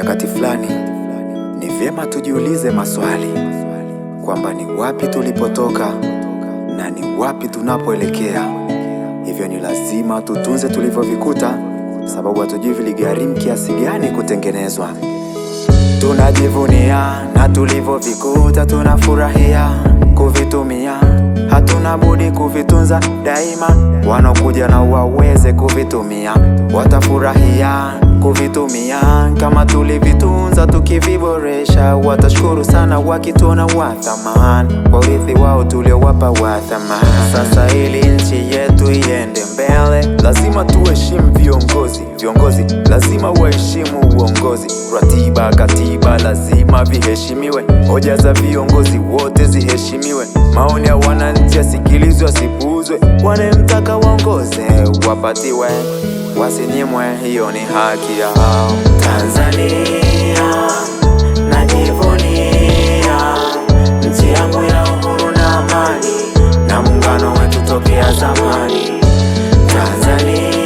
nyakati fulani ni vyema tujiulize maswali kwamba ni wapi tulipotoka na ni wapi tunapoelekea. Hivyo ni lazima tutunze tulivyovikuta, sababu hatujui viligharimu kiasi gani kutengenezwa. Tunajivunia na tulivyovikuta, tunafurahia kuvitumia, hatuna budi kuvitunza daima. Wanaokuja na waweze kuvitumia, watafurahia kuvitumia kama tulivitunza, tukiviboresha watashukuru sana, wakituona wa thamani kwa urithi wao tuliowapa wa thamani. Sasa ili nchi yetu iende mbele, lazima tuheshimu viongozi. Viongozi lazima waheshimu uongozi, ratiba, katiba lazima viheshimiwe, hoja za viongozi wote ziheshimiwe, maoni ya wananchi yasikilizwe, asipuuzwe, wanemtaka waongoze wapatiwe wasinyimwe, hiyo ni haki yao. Tanzania najivunia nchi yangu ya uhuru na amani na muungano wetu tokea zamani Tanzania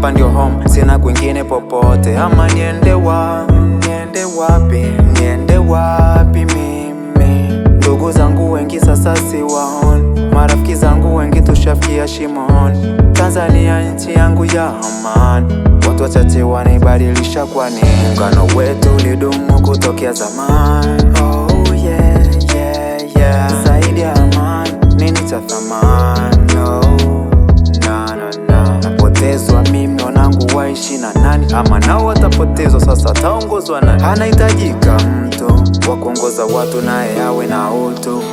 hapa ndio home, sina kwingine popote. Ama niende wapi? Niende wapi? Niende wapi mimi? Ndugu zangu wengi sasa siwaoni, marafiki zangu wengi tushafikia shimoni. Tanzania nchi yangu ya amani, watu wachache wanaibadilisha, nini? muungano wetu ulidumu kutokea zamani. Oh. watapotezwa, sasa ataongozwa na, anahitajika mtu wa kuongoza watu, naye awe na utu.